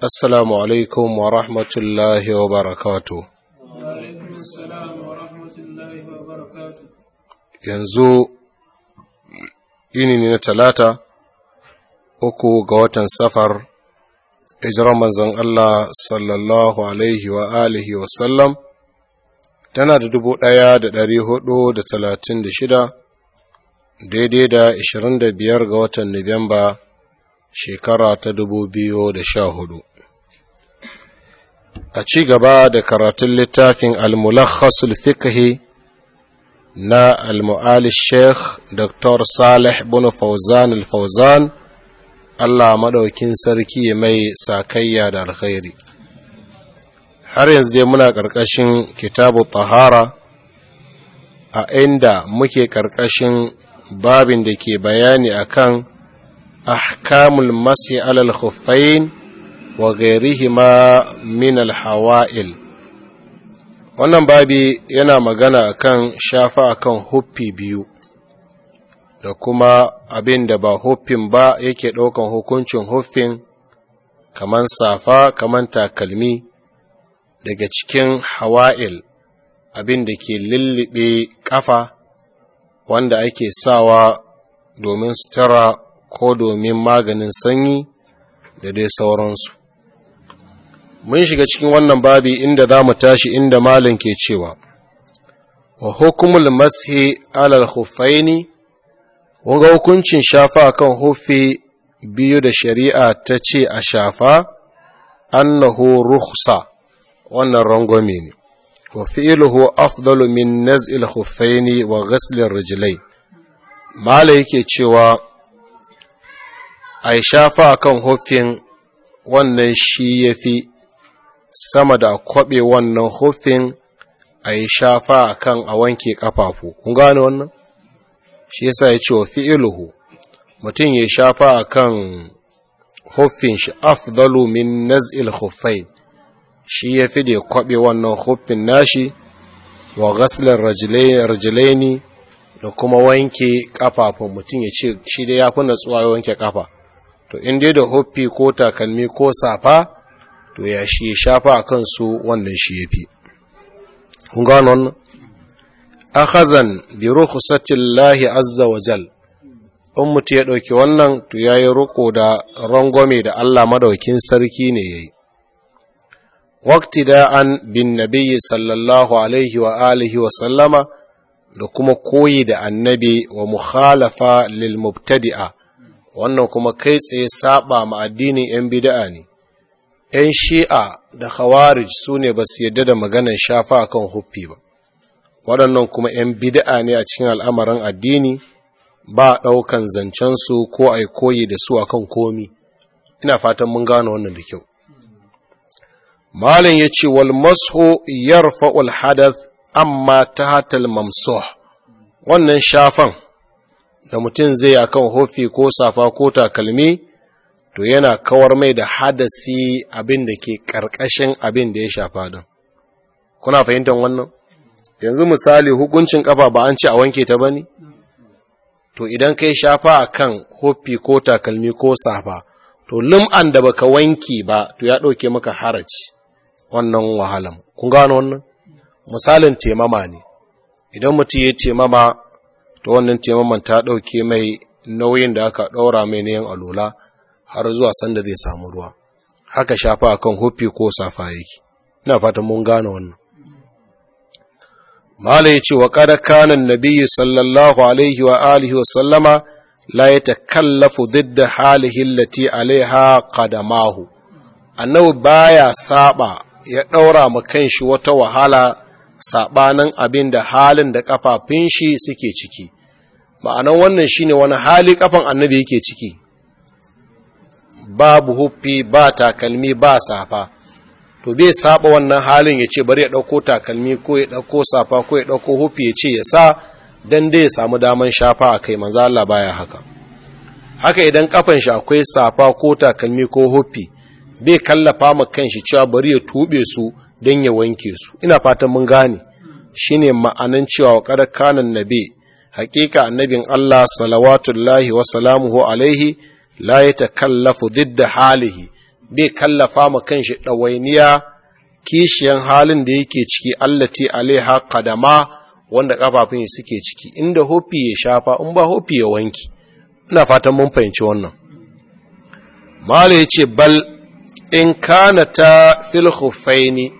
Assalamu alaikum wa rahmatullahi wa barakatu. Yanzu Ini ne na talata uku ga watan safar hijiran manzan Allah sallallahu alaihi wa alihi wa sallam tana da dubu ɗaya da ɗari hudu da talatin da shida daidai da ashirin da biyar ga watan Nuwamba shekara ta dubu biyu da sha hudu. a ci gaba da karatun littafin al-mulakhasul fiqhi na al-mu'ali sheikh dr salih bin fauzan al-fauzan Allah madaukin sarki mai sakayya da alkhairi har yanzu dai muna ƙarƙashin kitabu tahara a inda muke ƙarƙashin babin da ke bayani akan ahkamul masi alal khuffain وغيرهما من الحوائل wannan babi yana magana kan shafa akan huffi biyu da kuma abin da ba huffin ba yake ɗaukan hukuncin huffin kaman safa kaman takalmi daga cikin hawa'il abin da ke lullube ƙafa wanda ake sawa domin sutura ko domin maganin sanyi da dai sauransu mun shiga cikin wannan babi inda za mu tashi inda malin ke cewa wa hukumul mashi alal hufaini wanga hukuncin shafa kan hufi biyu da shari'a ta ce a shafa annahu ruhsa wannan rangwame ne wa fi'iluhu afdalu min naz'il hufaini wa ghaslir rijlai mala yake cewa a shafa kan hufin wannan shi ya fi sama da kwaɓe wannan hufin a yi shafa a kan a wanke kafafu. kun gane wannan shi yasa ya ce wa fi'iluhu mutum ya shafa a kan hufin shi afdalu min naz'il hufai shi ya fi da kwaɓe wannan hufin nashi wa gaslar rajilaini da kuma wanke ƙafafun mutum ya ce shi dai ya fi natsuwa wanke kafa. to in dai da hufi ko takalmi ko safa to ya shi shafa a kansu wannan shi ya fi kun hazan wannan akhazan bi Lahi azza wa jal in mutu ya ɗauki wannan to ya yi ruku da rangwame da Allah madaukin sarki ne ya yi waktida'an bin nabiyyi sallallahu alaihi wa alihi wa sallama da kuma koyi da annabi wa mukhalafa lil mubtadi'a wannan kuma kai tsaye saba ma addinin yan bid'a ne ‘yan shi'a da khawarij su ne ba su yadda da maganar shafa kan huffi ba waɗannan kuma ‘yan bida'a ne a cikin al'amarin addini ba a ɗaukan zancensu ko a koyi da su akan komi ina fatan mun gano wannan da kyau malam ya ce wal masho yarfa'ul hadath amma ta hatal mamsuwa, wannan shafan da mutum zai akan hofi ko safa ko takalmi to yana kawar mai da hadasi abin da ke ƙarƙashin abin da ya shafa don kuna fahimtar wannan yanzu misali hukuncin ƙafa ba an ce a wanke ta ba ne to idan kai shafa a kan kofi ko takalmi ko safa to lim'an da baka wanke ba to ya ɗauke maka haraci wannan wahalan kun gano wannan misalin temama ne idan mutum ya temama to wannan temaman ta ɗauke mai nauyin da aka ɗaura mai na yin alola har zuwa sanda zai samu ruwa haka shafa akan hufi ko safa yake ina fatan mun gane wannan mala yace wa qad kana annabiyyu sallallahu alaihi wa alihi wa sallama la yatakallafu didda halihi allati alaiha qadamahu annabi baya saba ya daura ma kanshi wata wahala sabanin abin da halin da kafafin shi suke ciki ma'anan wannan shine wani hali kafan annabi yake ciki babu huffi ba takalmi ba safa to bai saba wannan halin ya ce bari ya ɗauko takalmi ko ya ɗauko safa ko ya ɗauko huffi ya ce ya sa don dai ya samu daman shafa a kai manzo Allah baya haka haka idan kafan shi akwai safa ko takalmi ko huffi bai kallafa ma kanshi cewa bari ya tube su don ya wanke su ina fatan mun gane shine ma'anan cewa wa kada kanan nabi hakika annabin Allah salawatullahi wa alaihi la ya takallafu didda halihi bai kallafa ma kanshi ɗawainiya kishiyan halin da yake ciki allati alaiha kadama wanda kafafun suke ciki inda hofi ya shafa in ba hofi ya wanki ina fatan mun fahimci wannan mala yace ce bal in kana ta fil khuffaini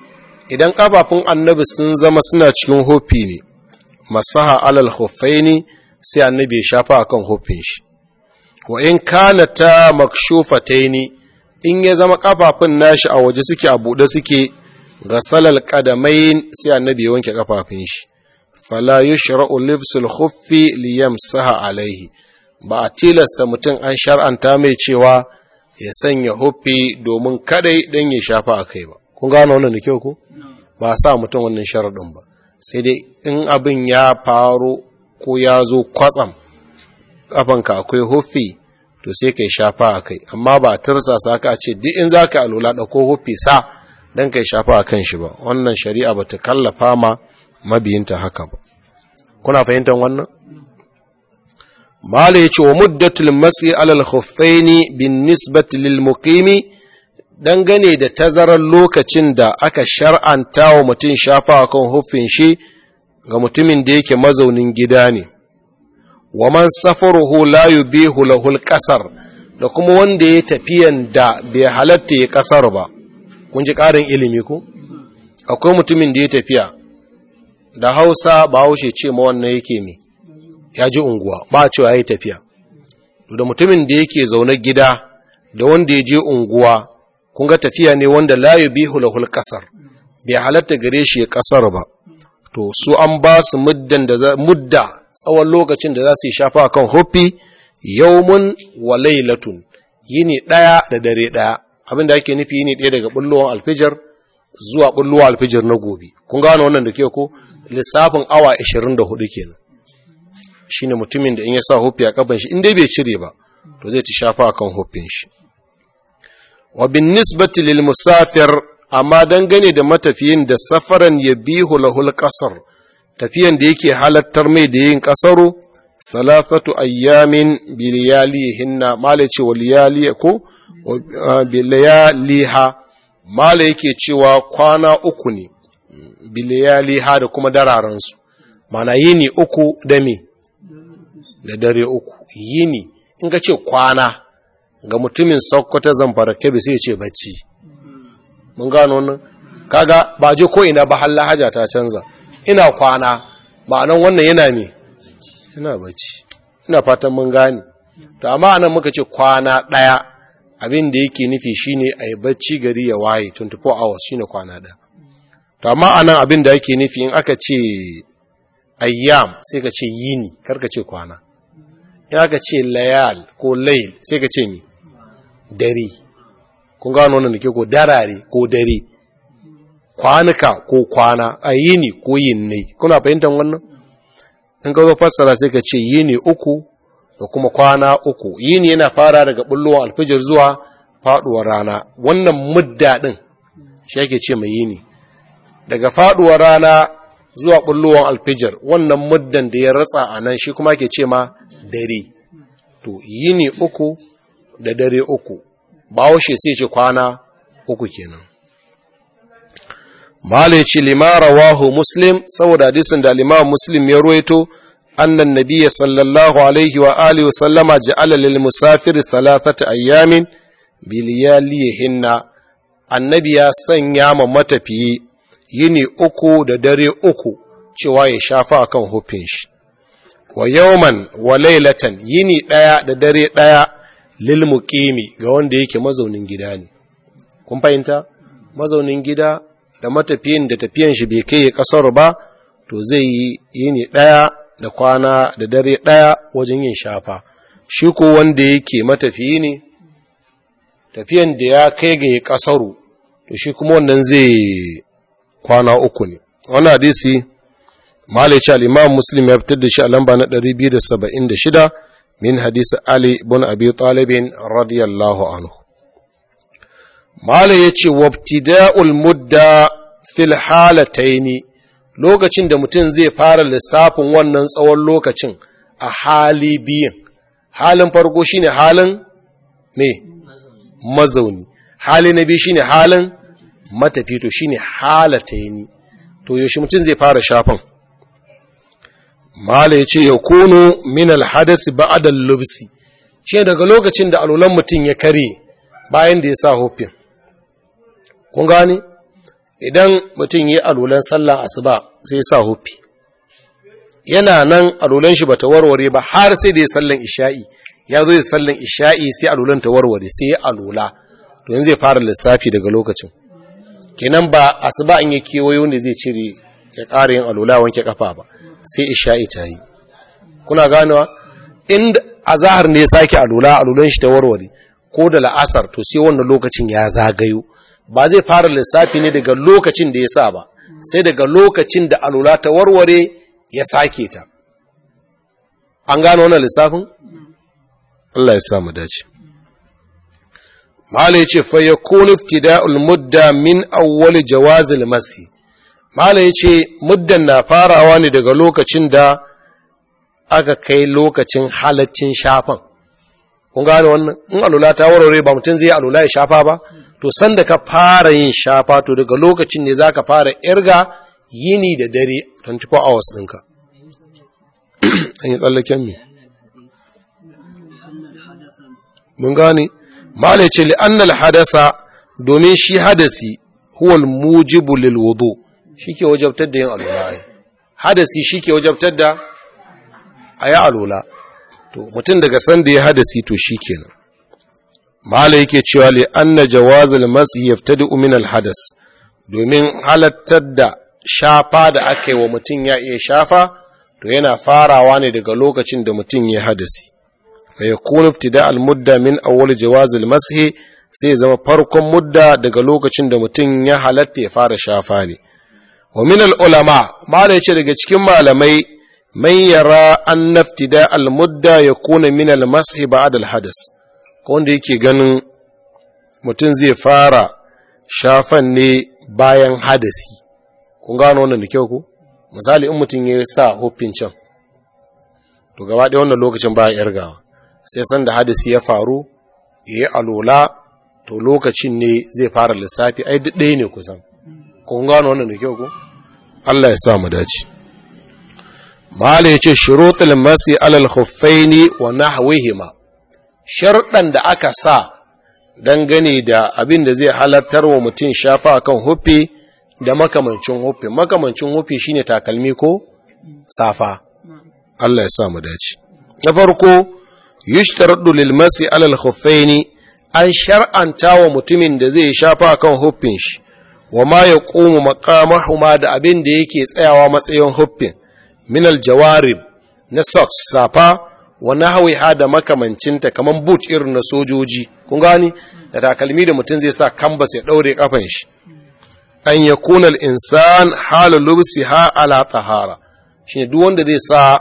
idan kafafun annabi sun zama suna cikin hofi ne masaha alal khuffaini sai annabi ya shafa akan hofin shi wa in kana ta makshufataini in ya zama kafafun nashi a waje suke a bude suke ga salal qadamain sai annabi ya wanke kafafun shi fala yushra'u libsul khuffi liyamsaha Alayhi. ba a tilasta mutum an shar'anta mai cewa ya sanya huffi domin kadai dan ya shafa akai ba kun gano wannan da kyau ko ba sa mutum wannan sharadin ba sai dai in abin ya faru ko ya zo kwatsam kafanka akwai hufi to sai kai shafa a kai amma ba tursasa ka ce duk in za ka alula ko hufi sa don kai shafa a kan shi ba wannan shari'a ba ta kallafa ma mabiyinta haka ba kuna fahimtar wannan mala ya wa muddatul matsi alal huffaini bin nisbati lil muqimi dangane da tazarar lokacin da aka shar'anta wa mutum shafa a kan huffin shi ga mutumin da yake mazaunin gida ne wa man safaruhu la yubihu lahul kasar da kuma wanda ya tafiyan da bai halatta ya kasar ba kun ji karin ilimi ku? akwai mutumin da ya tafiya da Hausa ba haushe ce ma wannan yake me ya ji unguwa ba a cewa yayi tafiya da mutumin da yake zaune gida da wanda ya je unguwa kun ga tafiya ne wanda la yubihu lahul kasar bai halatta gare shi ya kasar ba to su an ba su muddan da mudda tsawon lokacin da za su yi shafa kan huffi yaumun wa lailatun yini ɗaya da dare ɗaya abin da ake nufi yini ɗaya daga bullowar alfijar zuwa bullowar alfijar na gobe kun gano wannan da ke ko lissafin awa 24 kenan shine mutumin da in yasa sa a kafan shi in dai bai cire ba to zai ci shafa kan huffin shi wa bin nisbati lil musafir amma dangane da matafiyin da safaran ya yabihu lahul qasr tafiyan da yake halattar mai da yin kasaro salafatu ayyamin biliyalihinna mala ce waliyali ko biliyaliha mala yake cewa kwana uku ne biliyaliha da kuma dararansu mana yini uku da me da dare uku yini in ka ce kwana ga mutumin zan zamfara kebe sai ce bacci mun gano wannan kaga ba je ko ina ba halla haja ta canza ina kwana ma'anan wannan yana ne? ina bacci ina fatan mun gane to amma anan muka ce kwana daya abin da yake nufi shine ayi bacci gari ya waye 24 hours shine kwana daya to amma anan abin da yake nufi in aka ce ayyam sai ka ce yini karka ce kwana in aka ce layal ko layl sai ka ce ni dare kun gano wannan da ke ko darare ko dare kwanuka ko kwana a yini ko ne, kuna fahimtar wannan in ka zo fassara sai ka ce yini uku da kuma kwana uku yini yana fara daga bullowar alfijir zuwa faduwar rana wannan mudda din shi yake ce mai yini daga faduwar rana zuwa bullowar alfijar wannan muddan da ya ratsa a nan shi kuma ke ce ma dare to yini uku da dare uku ba sai ce kwana uku kenan malai ce limara wahu muslim saboda hadisin da limar muslim ya ruwaito annan nabiya sallallahu alaihi wa alihi wa sallama ja'ala lil musafir salasata ayyamin biliyalihinna annabi ya sanya ma matafiyi yini uku da dare uku cewa ya shafa kan hufin shi wa yawman wa lailatan yini daya da dare daya lil muqimi ga wanda yake mazaunin gida ne kun fahimta mazaunin gida da matafiyin da tafiyan shi bai kai kasar ba to zai yi yini ɗaya da kwana da dare daya wajen yin shafa shi ko wanda yake matafiyi ne tafiyan da ya kai ga kasaru to shi kuma wannan zai kwana uku ne wannan hadisi malice al-imam muslim ya fitar da shi a lamba na 276 min hadisi ali ibn abi talib radiyallahu anhu mala ya ce wabtida'ul mudda fil halataini lokacin da mutum zai fara lissafin wannan tsawon lokacin a hali biyan halin farko shine halin me mazauni hali na biyu shine halin matafi to shine halataini to yaushe mutum zai fara shafan? mala ya ce ya kono min ba'da al lubsi shi daga lokacin da alulan mutum ya kare bayan da ya sa hufin kun gani idan mutum yi alulan sallah asuba sai sa hufi yana nan alulan shi bata warware ba har sai da ya sallan isha'i ya zo ya sallan isha'i sai alulan ta warware sai ya alula to yanzu zai fara lissafi daga lokacin kenan ba asuba in ya kewayo ne zai cire ya ƙara yin alula wanke kafa ba sai isha'i ta yi kuna ganewa inda azahar ne ya sake alula alulan shi ta warware ko da la'asar to sai wannan lokacin ya zagayo ba zai fara lissafi ne daga lokacin da ya sa ba sai daga lokacin da alula ta warware ya sake ta an gano wannan lissafin Allah ya samu dace ya ce fa yakunu ibtida'ul mudda min awwali jawazil masi ya ce muddan na farawa ne daga lokacin da aka kai lokacin halaccin shafan kun gane wannan in alula ta warware ba mutum zai alula ya shafa ba to sanda ka fara yin shafa to daga lokacin ne za ka fara irga yini da dare 24 hours ɗinka an yi tsallaken mi. mun gane malice li'annal hadasa domin shi hadasi huwal mujibu lil wudu shike wajabtar da yin alula hadasi shike wajabtar da ayi alula to mutum daga sanda ya hadasi to shikenan malai yake cewa li anna jawazul masih yaftadi min al hadas domin halattar da shafa da aka yi wa mutum ya iya shafa to yana farawa ne daga lokacin da mutum ya hadasi fa yakunu ibtida al mudda min awwal jawazul masih sai zama farkon mudda daga lokacin da mutum ya halatta ya fara shafa ne wa min ulama mala yace daga cikin malamai mai yara an naftida al mudda yakuna min al masih ba'da al hadas ko wanda yake ganin mutum zai fara shafan ne bayan hadasi kun gano wannan da kyau ko misali in mutum ya sa hoffin can to gaba ɗaya wannan lokacin ya yargawa sai san da hadasi ya faru ya yi alola to lokacin ne zai fara lissafi ai duk ɗaya ne kusan kun gano wannan da kyau ko Allah ya sa mu dace ya yace shurutul masi alal ne wa hima. sharɗan da aka sa dangane da abin da zai halartar wa mutum shafa kan hufi da makamancin hufi makamancin hufi shine takalmi ko safa Allah ya sa mu dace na farko yushtaradu lil masi alal khuffaini an shar'anta wa mutumin da zai shafa kan hufin shi wa ma yaqumu maqamahuma da abin da yake tsayawa matsayin hufin min jawarib na socks safa wa nahwiha da makamancinta kamar boot irin na sojoji kun gani da takalmi da mutum zai sa kambas ya daure kafan shi an yakuna al-insan halul ha ala tahara shine duk wanda zai sa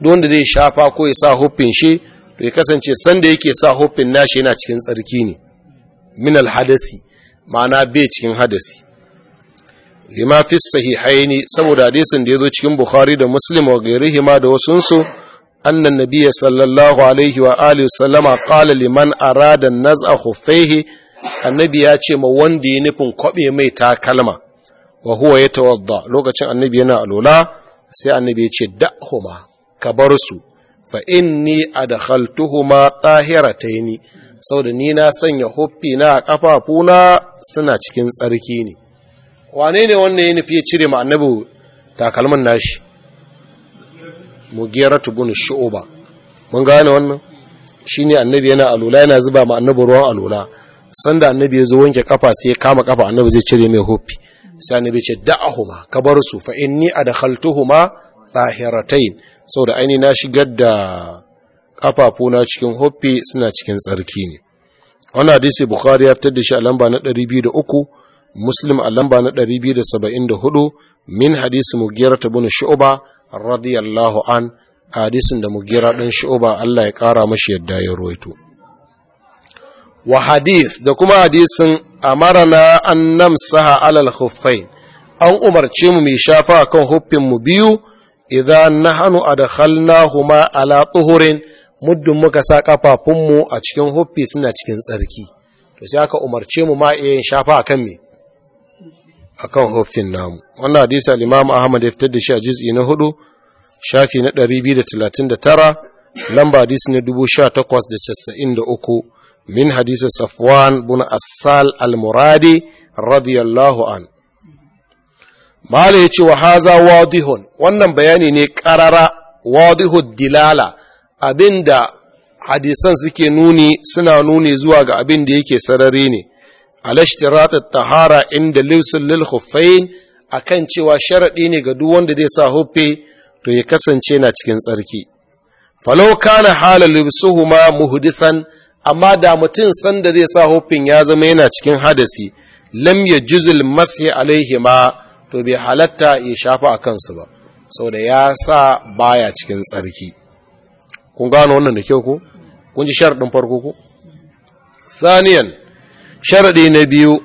duk shafa ko ya sa hufin shi to ya kasance sanda yake sa huffin nashi yana cikin tsarki ne min al-hadasi ma'ana bai cikin hadasi lima fi sahihaini saboda hadisin da zo cikin bukhari da muslim wa hima da wasunsu أن النبي صلى الله عليه وآله وسلم قال لمن أراد النزع خفيه annabi ya ce ma wanda ya nufin kwaɓe mai takalma wa ya tawadda lokacin annabi yana alola sai annabi ya ce da'huma ka bar su fa inni adkhaltuhuma tahirataini saboda ni na sanya hufina a kafafuna suna cikin tsarki ne wane ne wannan ya nufi ya cire ma annabi takalmin nashi mugiyaratu bin shu'uba mun gane wannan shine annabi yana alula yana zuba ma annabi ruwan alula sanda annabi ya zo wanke kafa sai ya kama kafa annabi zai cire mai hofi sai annabi ce da'ahuma ka bar su fa inni adkhaltuhuma tahiratayn saboda aini na shigar da kafafuna cikin hofi suna cikin tsarki ne wannan hadisi bukhari ya fitar da shi a lamba na 203 muslim a lamba na 274 min hadisi mugiratu bin shu'ba radiyallahu an hadisin da mugira ɗin shu'uba Allah ya ƙara mashi yadda ya roito wa hadith da kuma hadisin amarana an namsaha alal hufai an umarce mu mai shafa kan hufin mu biyu idan na hannu a da nahnu ma ala tuhurin muddin muka sa kafafunmu a cikin hufi suna cikin tsarki to sai aka umarce mu maayin iya yin shafa akan akan hofin namu wannan hadisi al-imam ahmad ya fitar da shi a juz'i na hudu shafi na 239 lamba hadisi na 1893 min hadisi safwan bin asal al-muradi radiyallahu an mala yace wa haza wadihun wannan bayani ne karara wadihu dilala abinda hadisan suke nuni suna nuni zuwa ga abin da yake sarari ne alashtirat tahara inda lilsul lil khuffain akan cewa sharaɗi ne ga duk wanda zai sa hufi to ya kasance na cikin tsarki falau kana hala libsuhuma muhdisan amma da mutum sanda zai sa hufin ya zama yana cikin hadasi lam yajuzul masih alaihima to bai halatta ya shafa a kansu ba saboda ya sa baya cikin tsarki kun gano wannan da kyau ko kun ji sharadin farko ko saniyan sharaɗi na biyu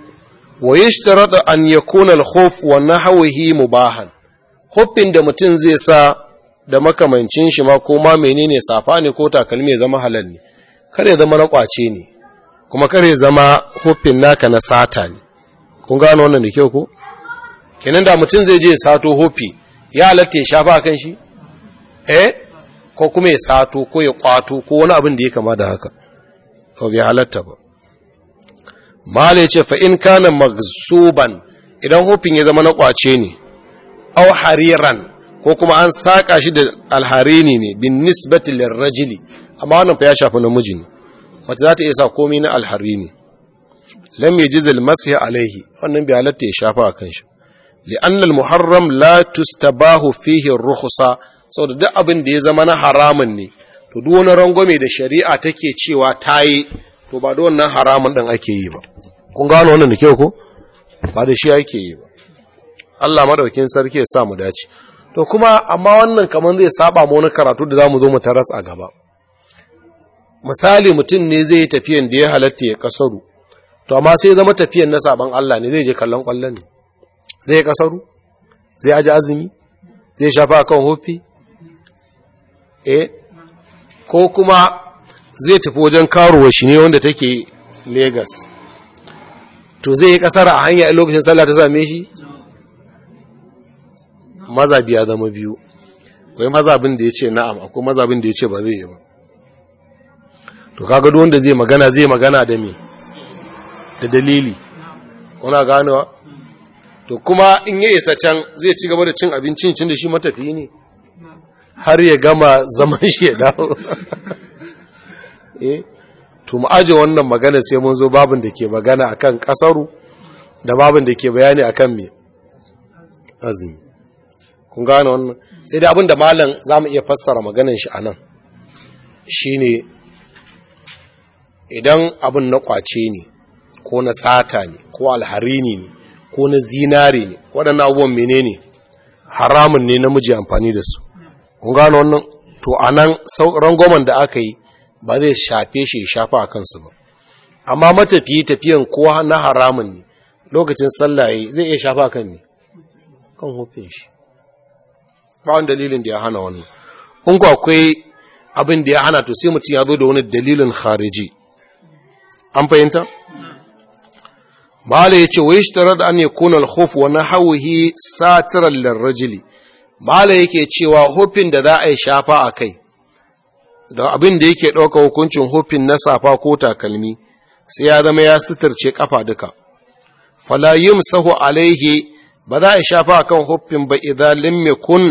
wa yashtarata an yakuna al-khuf wa nahwihi mubahan huffin da mutum zai sa da makamancin shi ma ko ma menene safa ne ko takalmi ya zama halal ne ya zama na ƙwace ne kuma ya zama huffin naka na sata ne kun gano wannan da kyau ko kenan da mutum zai je sato huffi ya halatta ya shafa kan shi eh ko kuma ya sato ko ya kwato ko wani abin da ya kama da haka Ko bai halatta ba bala ce fa in kana magsuban idan hufin ya zama na kwace ne au hariran ko kuma an saka shi da alharini ne bin nisbati lirrajili amma wannan fa ya shafi namiji ne wata za ta iya sa komai na alharini lam yajiz almasih alaihi wannan bi halatta ya shafa a kanshi li'anna Muharram la tustabahu fihi rukhsa da duk abin da ya zama na haramun ne to duk wani rangwame da shari'a take cewa tayi to ba da wannan haramun ɗin ake yi ba kun gano wannan da kyau ko ba da shi ake yi ba Allah madaukin sarki ya sa mu dace to kuma amma wannan kamar zai saba mu wani karatu da za mu zo mu taras a gaba misali mutum ne zai tafiyan da ya halatta ya kasaru to amma sai zama tafiyan na saban Allah ne zai je kallon kwallon ne zai kasaru zai aji azumi zai shafa akan hofi eh. ko kuma zai tafi wajen karuwa shi ne wanda take Legas. to zai yi kasar a hanya lokacin sallah ta same shi mazabi ya zama biyu akwai mazabin da ya ce na'am akwai mazabin da ya ce ba zai yi ba to kaga duk wanda zai magana zai magana da me da dalili kuna ganewa to kuma in ya isa can zai ci gaba da cin abincin cin da shi matafi ne har ya gama zaman shi ya dawo eh to mu aje wannan magana sai mun zo babin da ke magana akan kasaru da babin da ke bayani akan me azumi kun gane wannan sai dai abinda malam zamu iya fassara maganar shi anan shine idan abin na kwace ne ko na sata ne ko alharini ne ko na zinare ne waɗannan abubuwan menene haramun ne namiji amfani da su kun gane wannan to anan rangoman da aka yi ba zai shafe shi shafa a kansu ba amma matafiye tafiyan kowa na haramun ne lokacin tsallaye zai iya shafa kan ne kan hufin shi ba dalilin da ya hana wannan in ku akwai abin da ya hana to sai mutum ya zo da wani dalilin khariji an fahimta mala ya ce wai shi tarar da an yi kunan hufu wani hauhi satirar larrajili mala yake cewa hufin da za a yi shafa a kai da abin da yake ɗauka hukuncin hufin na safa ko takalmi sai ya zama ya sitarce ƙafa duka falayim sahu alaihi ba za a shafa a kan hufin ba idan mai kun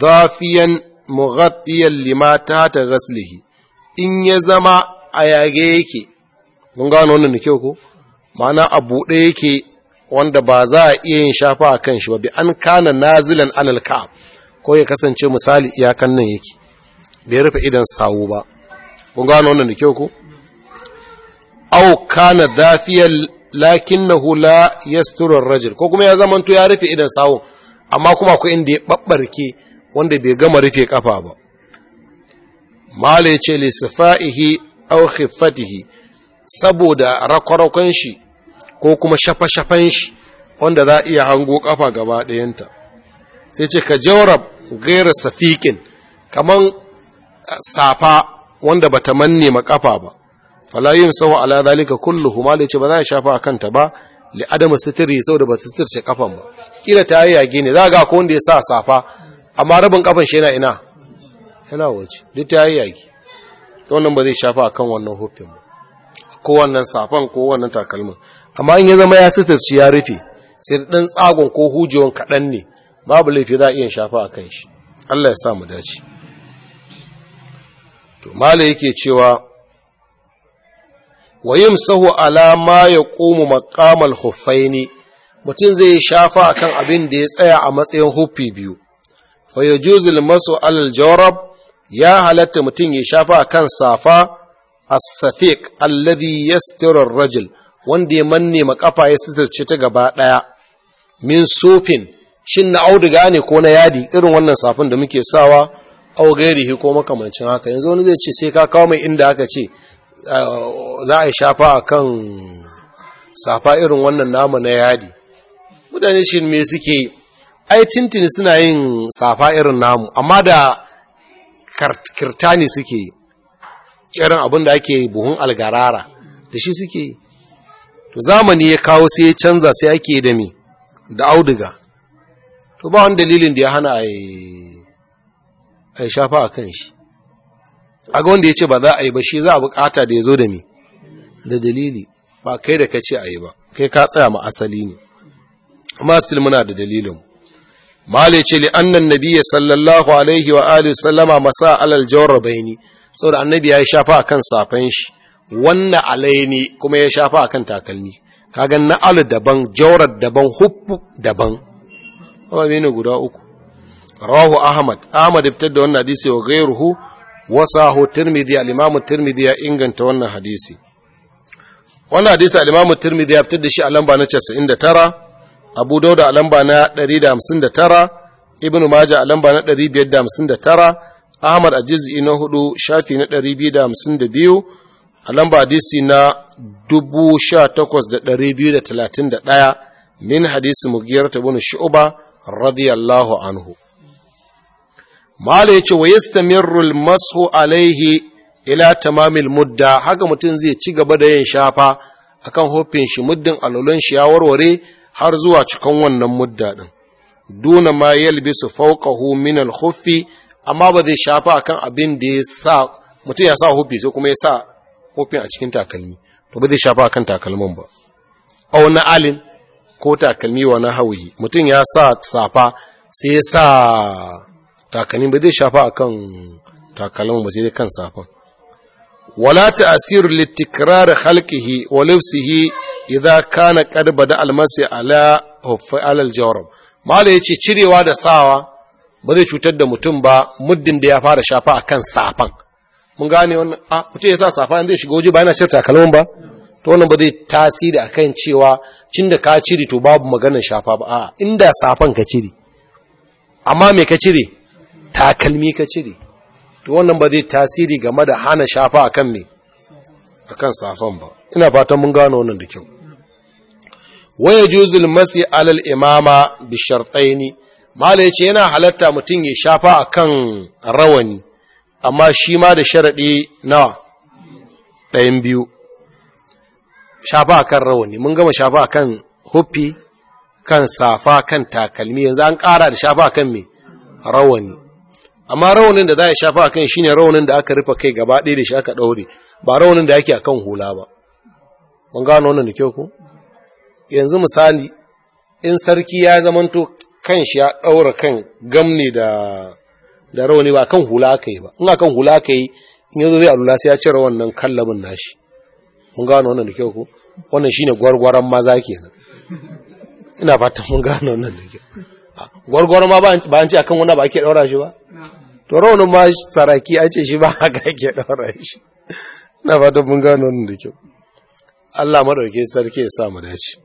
dafiyan mughattiyan lima ta hata gaslihi in ya zama a yage yake mun gano wannan kyau ko mana a buɗe yake wanda ba za a iya yin shafa a kan shi ba bi an kana nazilan anal ko ya kasance misali iyakan nan yake bai rufe idan sawu ba kun gano wannan da kyau ko au kana dafiyan lakinnahu la yasturu ar-rajul ko kuma ya zamanto ya rufe idan sawu amma kuma akwai inda ya babbarke wanda bai gama rufe kafa ba mala yace li safaihi aw khiffatihi saboda rakwarakon shi ko kuma shafa-shafan shi wanda za iya hango kafa gaba ɗayanta sai ce ka jawarab gaira safiƙin kaman safa wanda bata manne makafa ba fala sau ala zalika kulluhu ma ce ba za a shafa kanta ba li adama sitiri da ba ta sitirce kafan ba kila ta yi yage ne za ga ko wanda ya sa safa amma rabin kafan shi yana ina yana waje duk ta yi yage wannan ba zai shafa kan wannan hufin ba ko wannan safan ko wannan takalmin amma in ya zama ya sitirce ya rufe sai da ɗan tsagon ko hujewan kaɗan ne babu laifi za a iya shafa a kan shi Allah ya sa mu dace to mala yake cewa wa yamsahu ala ma yaqumu maqamal huffaini mutum zai shafa akan abin da ya tsaya a matsayin huffi biyu fa yajuzu masu alal jawrab ya halatta mutum ya shafa akan safa as-safiq alladhi yastiru ar-rajul wanda ya manne makafa ya sitirce ta gaba daya min sufin shin na auduga ne ko na yadi irin wannan safin da muke sawa au gairihi ko makamancin haka yanzu wani zai ce sai ka kawo mai inda aka ce za a shafa a kan safa irin wannan namu na yadi mutane shi me suke ai tintini suna yin safa irin namu amma da kirtani suke irin abin da ake buhun algarara da shi suke to zamani ya kawo sai ya canza sai ake da me da auduga to ba wani dalilin da ya hana a yi. a shafa a kan shi ga wanda ya ce ba za a yi ba shi za a bukata da ya zo da mi da dalili ba kai da ka ce a yi ba kai ka tsaya ma asali ne amma silmuna da dalilin mali ce li annan nabiyya sallallahu alaihi wa alihi sallama masa alal jawrabaini saboda annabi ya yi shafa akan safan shi wannan alaini kuma ya shafa a kan takalmi kagan na alu daban jawar daban huffu daban ne guda uku rawahu ahmad ahmad fitar da wannan hadisi wa gairuhu wasahu tirmidhi al-imam tirmidhi ya inganta wannan hadisi wannan hadisi al-imam tirmidhi ya fitar da shi a lamba na 99 abu dauda a lamba na 159 ibnu majah a lamba na 559 ahmad a juz'i na 4 shafi na 252 a lamba hadisi na 18231 min hadisi بن tabun رضي الله anhu mala yace wa yastamirru al alaihi ila tamamil mudda haka mutum zai ci gaba da yin shafa akan hofin shi muddin alulan shi ya warware har zuwa cikin wannan mudda din duna ma yalbisu fawqahu min al-khuffi amma ba zai shafa akan abin da ya sa mutum ya sa hufi sai kuma ya sa hufin a cikin takalmi to ba zai shafa akan takalmin ba aw na alin ko takalmi wa na hawi mutum ya sa safa sai ya sa takalmi ba zai shafa akan takalmin ba sai kan safan wala ta'sir litikrar khalqihi wa lifsihi idza kana qad bada almasi ala huffi alal jawrab mala yace cirewa da sawa ba zai cutar da mutum ba muddin da ya fara shafa akan safan mun gane wannan a mutum yasa safa inda shiga waje ba yana shirta takalmin ba to wannan ba zai tasiri akan cewa cinda ka cire to babu maganar shafa ba a inda safan ka cire amma me ka cire takalmi ka cire to wannan ba zai tasiri game da hana shafa akan me akan safan ba ina fatan mun gano wannan da kyau waya juzul masi alal imama bi shartaini mala yace yana halatta mutum ya shafa akan rawani amma shi ma da sharadi na ɗayan biyu shafa akan rawani mun gama shafa akan huffi kan safa kan takalmi yanzu an ƙara da shafa akan me rawani amma raunin da za a shafa a kan shi ne raunin da aka rufe kai gaba ɗaya da shi aka ɗaure ba raunin da yake kan hula ba mun gano wannan da kyau ko yanzu misali in sarki ya zamanto kan shi ya ɗaura kan gamne da rauni ba kan hula aka yi ba in kan hula aka yi in yanzu zai alula sai ya cire wannan kallabin nashi mun gano wannan da kyau ko wannan ne gwargwaron maza kenan ina fatan mun gano wannan da kyau gwargwaro ma ba an ce akan wani ba ake daura shi ba to raunin ma saraki a ce shi ba haka ake daura shi na fata mun gano wannan da kyau Allah madauke sarki ya sa mu dace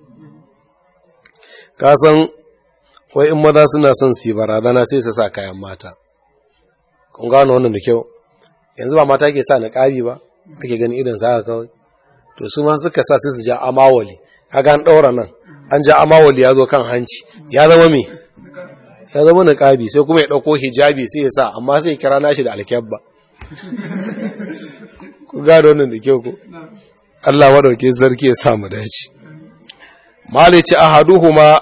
ka san wai in maza suna son su yi barazana sai su sa kayan mata kun gano wannan da kyau yanzu ba mata ke sa niqabi ba kake gani idan sa kawai to su ma suka sa sai su ja amawali kaga an daura nan an ja amawali ya zo kan hanci ya zama me ya zama ƙabi sai kuma ya ɗauko hijabi sai ya sa amma sai kira nashi da alkyabba ku gano wannan da kyau ko Allah madauke zarki ya sa mu dace malici ahaduhuma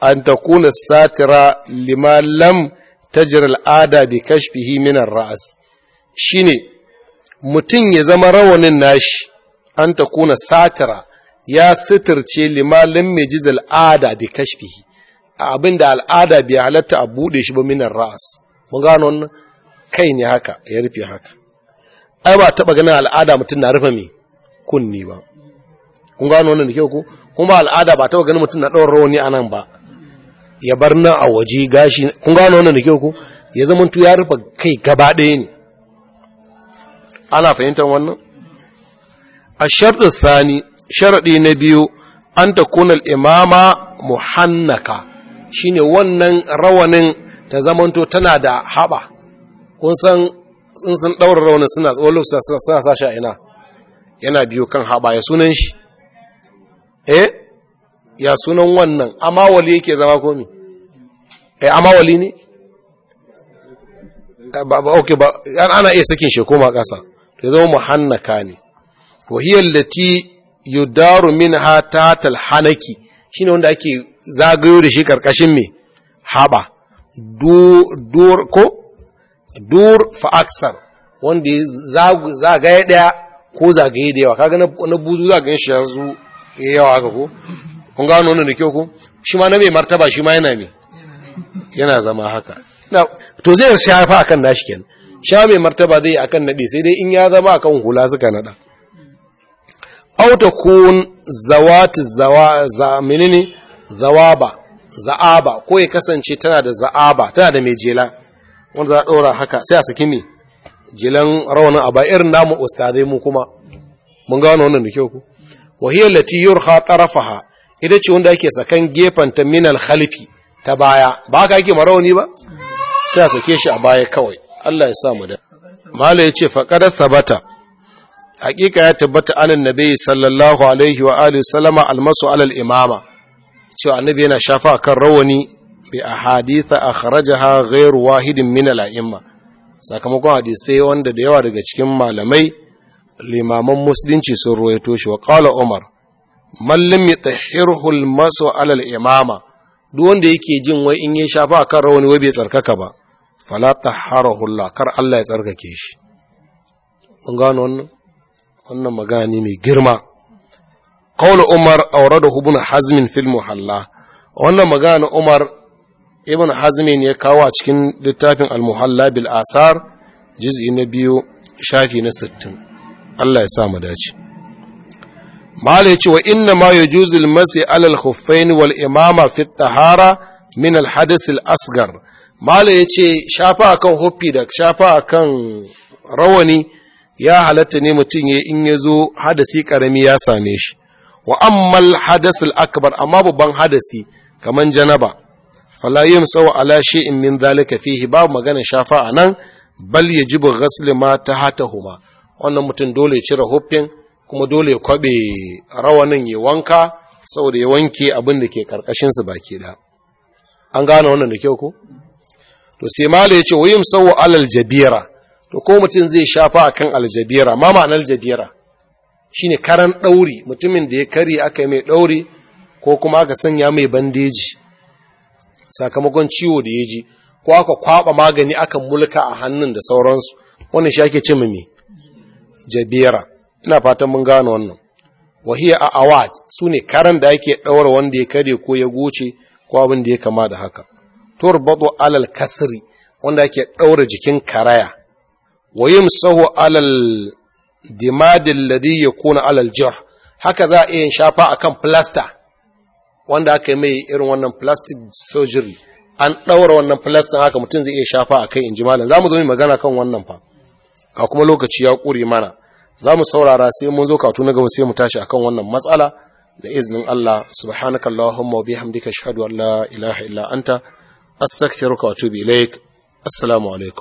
an takuna satira lima lam tajra al'ada bi kashfihi min ar-ra's shine mutum ya zama rawanin nashi an takuna satira ya sitirce limalin mai jizal ada bi kashfihi a abin da al'ada bi halatta a buɗe shi ba minar ra'as mun gano wannan kai ne haka ya rufe haka ai ba taɓa ganin al'ada mutum na rufe mai kunni ba kun gano wannan da kyau ko kuma al'ada ba taɓa ganin mutum na ɗaura rawani a nan ba ya bar nan a waje gashi kun gano wannan da kyau ku, ya zama tu ya rufe kai gaba ɗaya ne ana fahimtar wannan a sharɗin sani sharaɗi na biyu an ta kunan imama muhannaka shine wannan rawanin ta zamanto tana da haɓa kun san sun sun ɗaura rawanin suna tsawon suna sa a ina yana biyu kan haba ya sunan shi eh ya sunan wannan amawali yake zama komi eh amawali ne eh, ba ba okay ba ana iya sakin shi koma kasa to zama muhannaka ne wa hiya allati yudaru minha tatal hanaki shine wanda ake zagayo da shi karkashin me haɓa dur ko dur fa aksar wanda zagaye ɗaya ko zagaye da yawa kaga na buzu zagayen shi yanzu yawa haka ko kun gano wannan da kyau ko shi ma na mai martaba shi ma yana me yana zama haka to zai shafa akan nashi kenan sha mai martaba zai akan nadi sai dai in ya zama akan hula suka nada auta kun zawati zawa za menene zawaba za'aba ko ya kasance tana da za'aba tana da mai jela wanda za a ɗora haka sai a saki mai jilan rawanin aba irin namu ustazai mu kuma mun gano wannan da kyau ku wahiyar lati yurha tarafaha ita ce wanda ake sakan gefen ta minal khalifi ta baya ba haka ake marawani ba sai a sake shi a baya kawai Allah ya sa mu da mala yace faqad thabata hakika ya tabbata anan nabi sallallahu alaihi wa alihi sallama almasu alal imama cewa annabi yana shafa kan rawani bi a ha gairu wahidin mina la'imma sakamakon hadisai wanda da yawa daga cikin malamai limaman musulunci sun ruwaito shi wa qala umar man lam yutahhiruhu masu alal imama duk wanda yake jin wai in ya shafa kan rawani wai bai tsarkaka ba fala tahharahu kar Allah ya tsarkake shi mun gano wannan magana ne mai girma qawlu umar awradahu ibn hazmin fil muhalla wannan magana umar ibn hazmin ne kawo a cikin littafin al muhalla bil asar juz'i na biyu shafi na sittin. Allah ya sa mu dace mala yace wa inna ma yajuzu al masi al khuffain wal imama fi tahara min al hadath al asghar mala yace shafa akan huffi da shafa akan rawani ya halatta ne mutum ya in ya zo hadasi karami ya same shi wa ammal hadasul akbar amma babban hadasi kaman janaba fala saw ala shay'in min zalika fihi babu magana shafa anan bal yajibu ghasl ma tahatahuma wannan mutum dole ya cire huffin kuma dole ya kwabe rawanin ya wanka saboda ya wanke abin da ke karkashin su baki da an gane wannan da kyau ko to sai mala ya ce wa saw ala aljabira to ko mutum zai shafa akan aljabira ma ma'anar aljabira shine karan ɗauri mutumin da ya kari aka yi mai ɗauri ko kuma aka sanya mai bandeji sakamakon ciwo da ya ji ko aka kwaɓa magani aka mulka a hannun da sauransu wannan shi ake ce mai jabera ina fatan mun gano wannan wahiya a awad su ne karan da ake ɗaura wanda ya kare ko ya goce ko abin da ya kama da haka turbaɗo alal kasri wanda ake ɗaura jikin karaya wa saho alal dimadin ladhi yakuna alal jar haka za a iya shafa akan filasta wanda aka yi mai irin wannan plastic surgery an ɗaura wannan plastic haka mutum zai iya shafa a kai in ji malam za mu zo magana kan wannan fa ga kuma lokaci ya ƙure mana za mu saurara sai mun zo katu na gaba sai mu tashi akan wannan matsala da izinin Allah subhanaka Allahumma wa bihamdika ashhadu an la ilaha illa anta astaghfiruka wa atubu ilaik assalamu alaikum